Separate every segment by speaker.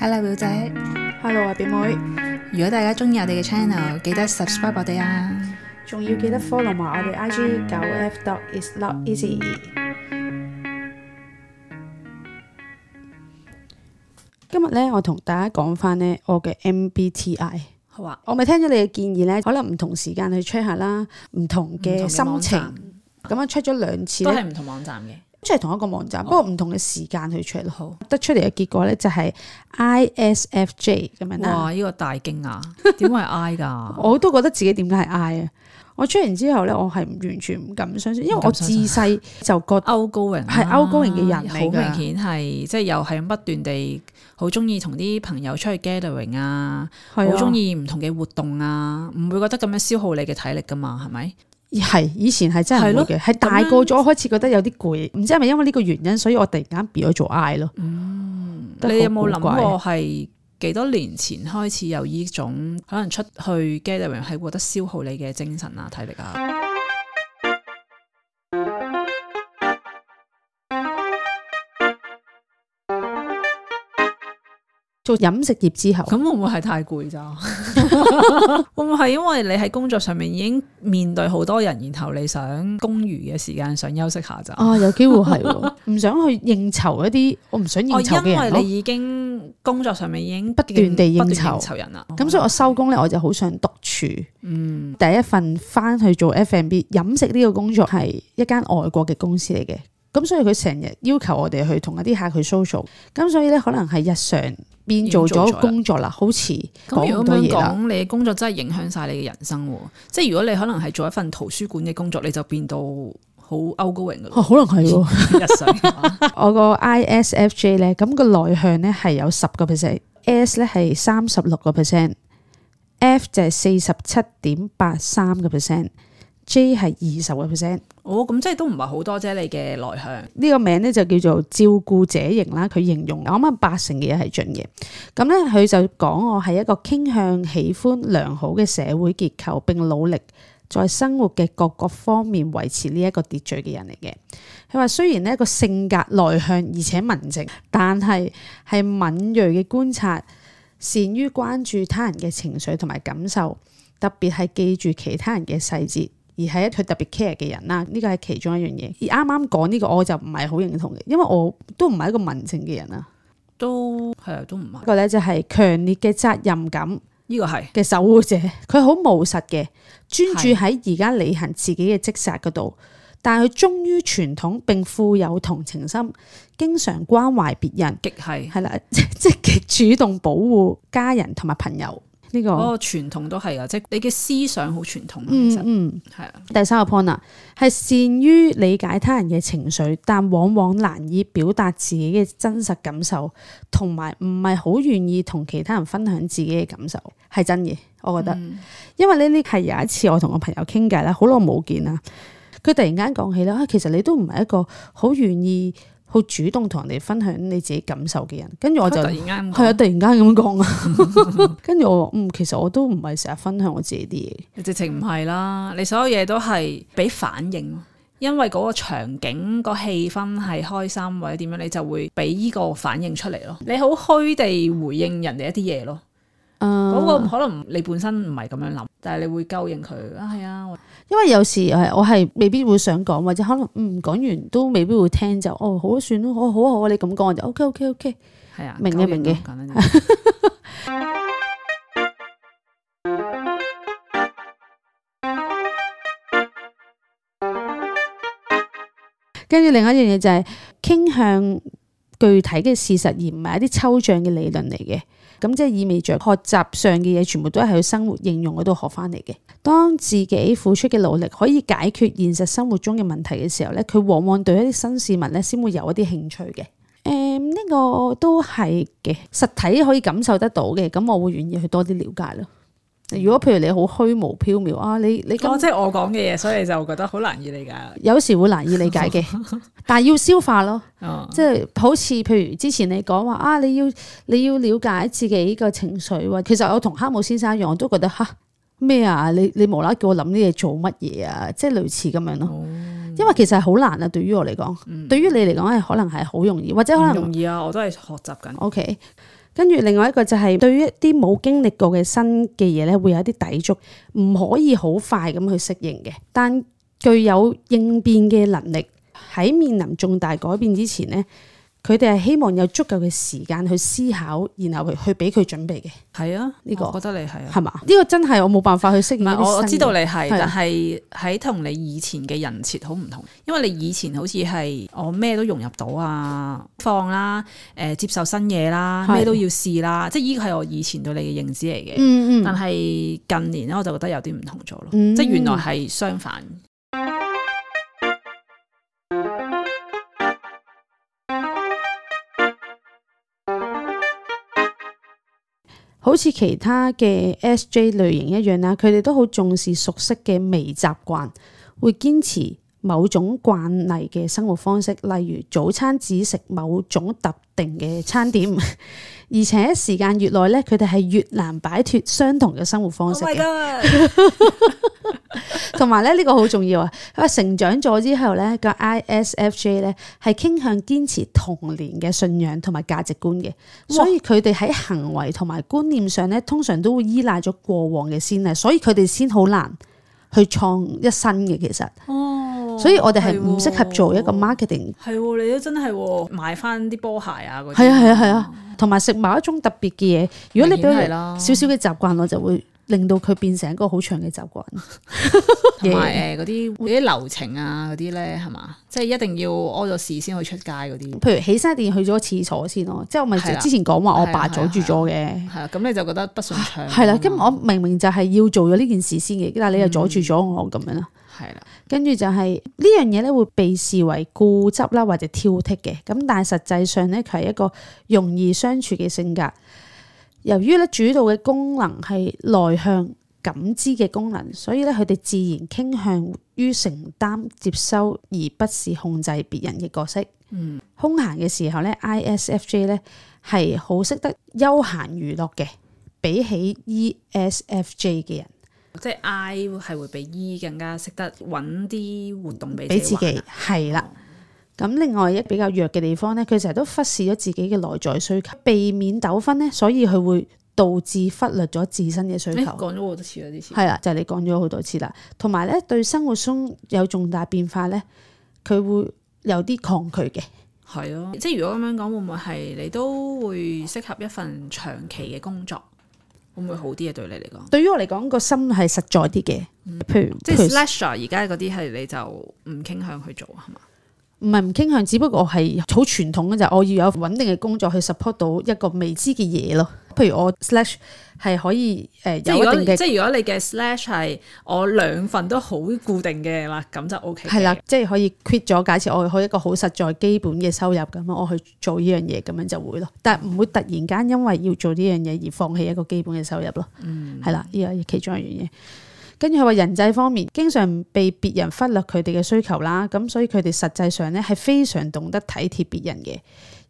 Speaker 1: Hello 表姐，Hello 啊表妹，如果大家中意我哋嘅 channel，記得 subscribe 我哋啊，仲要記得 follow 埋我哋 IG
Speaker 2: 九 F dot is not easy。今日咧，我同大家講翻呢我嘅 MBTI，好啊，我咪聽咗你嘅建議咧，可能唔同時間去 check 下啦，唔同嘅同心情，咁站樣 check 咗兩次，都係唔
Speaker 1: 同網站嘅。
Speaker 2: 即係同一個網站，不過唔同嘅時間去 check 咯，得出嚟嘅結果咧就係 ISFJ 咁樣啦。哇！呢、
Speaker 1: 這個大驚訝，
Speaker 2: 點 會係 I 噶？我都覺得自己點解係 I 啊！我出完之後咧，我係完全唔敢相信，因為我自細就覺得 outgoing 係 outgoing 嘅人，好 明顯
Speaker 1: 係即係又係咁不斷地好中意同啲朋友出去 gathering 啊、嗯，好中意唔同嘅活動啊，唔會覺得咁樣消耗你嘅體力噶嘛？係咪？
Speaker 2: 係以前係真係好嘅，係大個咗噉，我開始覺得有啲攰，唔知係咪因為呢個原因，所以我突然間變咗做 I 咯。嗯，
Speaker 1: 你有冇諗過係幾多年前開始有呢種可能出去 gathering 係覺得消耗你嘅精神啊、體力啊？做飲食業之後，咁會唔會係太攰咋？ 會唔會係因為你喺工作上面已經面對好多人，然後你想工餘嘅時間想休息下咋？啊、哦？有機會係喎，唔 想去應酬一啲，我唔想應酬、哦、因為你已經工作上面已經不斷地應酬人啦，
Speaker 2: 咁所以我收工咧，我就好想獨處。嗯，第一份翻去做 F&B 飲食呢個工作係一間外國嘅公司嚟嘅。咁所以佢成日要求我哋去同一啲客去 social 咁所以咧可能係日常變做咗工作啦，好似講多咁啦。講
Speaker 1: 你嘅工作真係影響晒你嘅人生，即係如果你可能係做一份圖書館嘅工作，你就變到好 outgoing 可能係嘅， 日常。
Speaker 2: 我 IS J, 個 ISFJ 咧，咁個內向咧係有十個 percent，S 咧係三十六個 percent，F 就係四十七點八三嘅 percent。J 係二十個
Speaker 1: percent，哦，咁即係都唔係好多啫。謝謝你嘅內向
Speaker 2: 呢個名咧就叫做照顧者型啦。佢形容我啱啱八成嘅嘢係準嘅。咁咧佢就講我係一個傾向喜歡良好嘅社會結構並努力在生活嘅各個方面維持呢一個秩序嘅人嚟嘅。佢話雖然呢個性格內向而且文靜，但係係敏鋭嘅觀察，善於關注他人嘅情緒同埋感受，特別係記住其他人嘅細節。而係一佢特別 care 嘅人啦，呢個係其中一樣嘢。而啱啱講呢個，我就唔係好認同嘅，因為我都唔係一個文靜嘅人啊。
Speaker 1: 都係啊，都唔
Speaker 2: 係。個咧就係強烈嘅責任感，呢個係嘅守護者，佢好務實嘅，專注喺而家履行自己嘅職責嗰度。的但係佢忠於傳統並富有同情心，經常關懷別人，極係係啦，積極主動保護家人同埋朋友。
Speaker 1: 呢、個哦傳統都係啊，即係你嘅思想好傳統。嗯嗯，係、嗯、
Speaker 2: 啊。是第三個 point 啊，係善於理解他人嘅情緒，但往往難以表達自己嘅真實感受，同埋唔係好願意同其他人分享自己嘅感受，係真嘅。我覺得，嗯、因為呢呢係有一次我同我朋友傾偈啦，好耐冇見啦，佢突然間講起啦，啊其實你都唔係一個好願意。好主動同人哋分享你自己感受嘅人，跟住我就係啊，突然間咁講啊，跟 住我嗯，其實我都唔係成日分享我自己啲嘢，
Speaker 1: 直情唔係啦，你所有嘢都係俾反應，因為嗰個場景、個氣氛係開心或者點樣，你就會俾依個反應出嚟咯。你好虛地回應人哋一啲嘢咯。個、嗯、可能你本身唔係咁樣諗，但係你會勾應佢啊，啊，係啊，
Speaker 2: 因為有時係我係未必會想講，或者可能嗯講完都未必會聽就哦，好算啦，好好好 OK, OK, 啊，你咁講我就 ok，ok，ok，係啊，明嘅，明嘅。跟住另一樣嘢就係傾向具體嘅事實而唔係一啲抽象嘅理論嚟嘅，咁即係意味著學習上嘅嘢全部都係喺生活應用嗰度學翻嚟嘅。當自己付出嘅努力可以解決現實生活中嘅問題嘅時候，呢佢往往對一啲新市民呢先會有一啲興趣嘅。誒、嗯，呢、呢個都係嘅，實體可以感受得到嘅，咁我會願意去多啲了解咯。如果譬如你好虛無縹緲啊，你你講、哦、即
Speaker 1: 係我講嘅嘢，所以你就覺得好難以理解。
Speaker 2: 有時會難以理解嘅，但係要消化咯。哦、即係好似譬如之前你講話啊，你要你要了解自己嘅情緒，其實我同黑姆先生一樣，我都覺得嚇咩啊？你你無啦啦叫我諗啲嘢做乜嘢啊？即係類似咁樣咯。哦、因為其實好難啊，對於我嚟講，嗯、對於你嚟講係可能係好容易，或者可能容
Speaker 1: 易啊，我都係學習緊。O
Speaker 2: K。跟住另外一個就係對於一啲冇經歷過嘅新嘅嘢咧，會有一啲抵觸，唔可以好快噉去適應嘅，但具有應變嘅能力，喺面臨重大改變之前咧。佢哋係希望有足夠嘅時間去思考，然後去去俾佢準備嘅。係啊，呢、這個、啊、我覺得你係係嘛？呢、這個真係我冇辦法去適應。但係我我知道你係，的但係
Speaker 1: 喺同你以前嘅人設好唔同。因為你以前好似係我咩都融入到啊，放啦，誒、呃、接受新嘢啦，咩都要試啦。的即係呢個係我以前對你嘅認知嚟嘅。嗯嗯。但係近年咧，我就覺得有啲唔同咗咯。嗯嗯。即係原來係相反。
Speaker 2: 好似其他嘅 SJ 類型一樣啦，佢哋都好重視熟悉嘅微習慣，會堅持某種慣例嘅生活方式，例如早餐只食某種特定嘅餐點，而且時間越耐咧，佢哋係越難擺脫相同嘅生活方式。同埋咧，呢、oh my 呢個好重要啊！成長咗之後咧，個 ISFJ 咧係傾向堅持童年嘅信仰同埋價值觀嘅，所以佢哋喺行為同埋觀念上咧，通常都會依賴咗過往嘅先例，所以佢哋先好難去創新嘅。其實。
Speaker 1: 所以我哋係唔適合
Speaker 2: 做一個 marketing、哦。
Speaker 1: 係喎、哦，你都真係、哦、買返啲波鞋啊！嗰啲係啊係啊係啊，
Speaker 2: 同埋食某一種特別嘅嘢。如果你畀佢少少嘅習慣，我、啊、就會。令到佢變成一個好長嘅習慣，同埋
Speaker 1: 誒啲啲流程啊嗰啲咧係嘛，即係一定要屙咗屎先去出街嗰啲。譬
Speaker 2: 如起身一定要去咗廁所先咯，即係我咪之前講話我爸，爸阻住咗嘅。係
Speaker 1: 啊，咁你就覺得不順暢。係啦、啊，
Speaker 2: 咁我明明就係要做咗呢件事先嘅，但係你又阻住咗我咁樣咯。係啦、嗯，跟住就係呢樣嘢咧，這個、會被視為固執啦或者挑剔嘅。咁但係實際上咧，佢係一個容易相處嘅性格。由於咧，主導嘅功能係內向感知嘅功能，所以咧，佢哋自然傾向於承擔接收，而不是控制別人嘅角色。嗯，空閒嘅時候咧，ISFJ 咧係好識得休閒娛樂嘅，比起 ESFJ 嘅人，
Speaker 1: 即係 I 係會比 E 更加識得揾啲活動俾自，自己。
Speaker 2: 係啦。咁另外一比較弱嘅地方咧，佢成日都忽視咗自己嘅內在需求，避免糾紛咧，所以佢會導致忽略咗自身嘅需求。
Speaker 1: 講咗好多次啦，之前係啦，就
Speaker 2: 係、你講咗好多次啦。同埋咧，對生活中有重大變化咧，佢會有啲抗拒嘅，
Speaker 1: 係咯。即係如果咁樣講，會唔會係你都會適合一份長期嘅工作，會唔會好啲啊？對你嚟講，
Speaker 2: 對於我嚟講，個心係實在啲嘅，譬如、嗯、即係，slash
Speaker 1: 而家嗰啲係你就唔傾向去做係嘛？
Speaker 2: 唔係唔傾向，只不過我係好傳統嘅就係我要有穩定嘅工作去 support 到一個未知嘅嘢咯。譬如我 slash 係可以誒，呃、即係如果、呃、如
Speaker 1: 果你嘅 slash 係我兩份都好固定嘅啦，咁就 OK。係啦，
Speaker 2: 即係可以 quit 咗。假設我可一個好實在基本嘅收入咁樣，我去做呢樣嘢咁樣就會咯。但係唔會突然間因為要做呢樣嘢而放棄一個基本嘅收入咯。嗯，係啦，呢個其中一樣嘢。跟住佢話人際方面，經常被別人忽略佢哋嘅需求啦，咁所以佢哋實際上咧係非常懂得體貼別人嘅。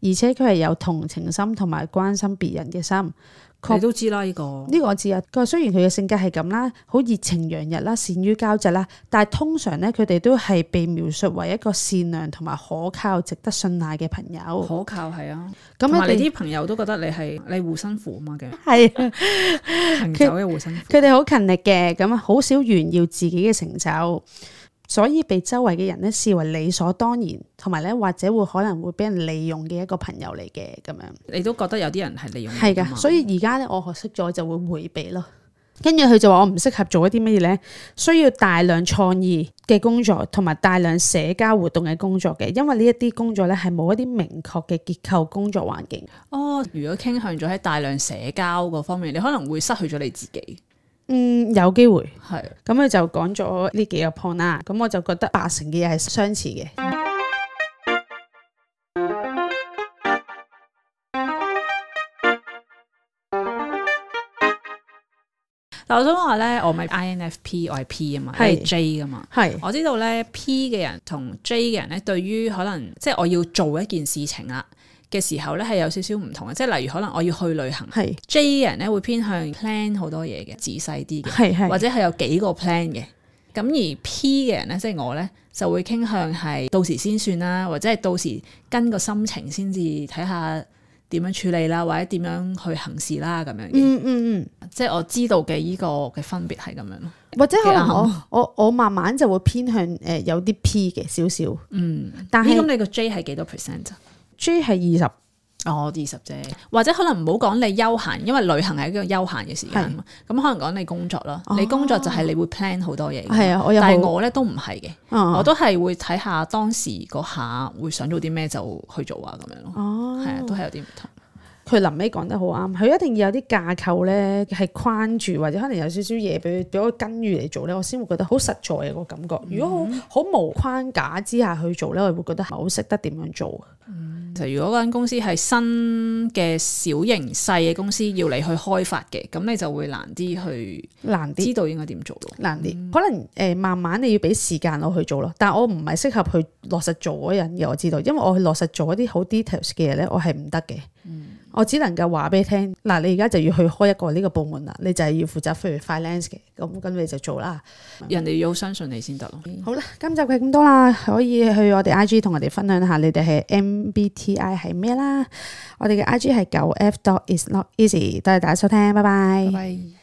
Speaker 2: 而且佢係有同情心同埋關心別人嘅心，
Speaker 1: 佢都知啦呢、呢個
Speaker 2: 呢個我知啊。佢雖然佢嘅性格係咁啦，好熱情洋溢啦，善於交際啦，但係通常咧，佢哋都係被描述為一個善良同埋可靠、值得信賴嘅朋友。可靠係
Speaker 1: 啊，咁啊，佢哋啲朋友都覺得你係你護身符啊嘛，嘅
Speaker 2: 係成就嘅護身符。佢哋好勤力嘅，咁啊，好 少炫耀自己嘅成就。所以被周圍嘅人咧視為理所當然，同埋咧或者會可能會俾人利用嘅一個朋友嚟嘅咁樣。
Speaker 1: 你都覺得有啲人係利用你嘛？係噶，所
Speaker 2: 以而家咧我學識咗就會回避咯。跟住佢就話我唔適合做一啲乜嘢咧，需要大量創意嘅工作，同埋大量社交活動嘅工作嘅，因為呢一啲工作咧係冇一啲明確嘅結構工作
Speaker 1: 環境。哦，如果傾向咗喺大量社交嗰方面，你可能會失去咗你自己。
Speaker 2: 嗯，有機會係，咁佢的就講咗
Speaker 1: 呢幾個 point 啦，咁我就覺得八成
Speaker 2: 嘅嘢係相似嘅。
Speaker 1: 我想話咧的，我咪 INFP，我係 P 啊嘛，係 J 啊嘛，係，我知道咧 P 嘅人同 J 嘅人咧，對於可能即係我要做一件事情啦嘅時候咧係有少少唔同嘅，即係例如可能我要去旅行是，J 嘅人咧會偏向 plan 好多嘢嘅，仔細啲嘅，是是或者係有幾個 plan 嘅。咁而 P 嘅人咧，即、就、係、是、我咧就會傾向係到時先算啦，或者係到時跟個心情先至睇下點樣處理啦，或者點樣去行事啦咁樣嗯。嗯嗯嗯，即係我知道嘅依個嘅分別係咁樣咯。
Speaker 2: 或者可能我樣我我，我慢慢就會偏向誒有啲 P 嘅少、嗯、是少。
Speaker 1: 嗯，但係咁你個 J 係幾多 percent？G
Speaker 2: 係二十，
Speaker 1: 哦二十啫，或者可能唔好講你休閒，因為旅行係一個休閒嘅時間，咁係啊可能講你工作咯，哦、你工作就係你會 plan 好多嘢，係啊，但係我咧都唔係嘅，我,我都係、哦、會睇下當時嗰下會想做啲咩就去做啊咁樣咯，係啊、哦，都係有啲唔同。
Speaker 2: 佢臨尾講得好啱，佢一定要有啲架構咧，係框住或者可能有少少嘢俾俾佢跟住嚟做咧，我先會覺得好實在嘅個感覺。嗯、如果好好無框架之下去做咧，我會覺得好識得點樣做。
Speaker 1: 嗯、其實如果間公司係新嘅小型細嘅公司要你去開發嘅，咁你就會難啲去
Speaker 2: 難啲知道應該點做咯些。難啲、嗯、可能誒、呃，慢慢你要俾時間我去做咯。但我唔係適合去落實做嗰樣嘅，我知道，因為我去落實做一啲好 details 嘅嘢咧，我係唔得嘅。嗯我只能夠話俾你聽，嗱，你而家就要去開一個呢個部門啦，你就係要負責
Speaker 1: finance 嘅，咁咁你就做啦。人哋要相信你先得咯。嗯、
Speaker 2: 好啦，今集就咁多啦，可以去我哋 I G 同我哋分享下你哋係 M B T I 係咩啦。我哋嘅 I G 係九 F dot is not easy，多謝大家收聽，拜拜。拜拜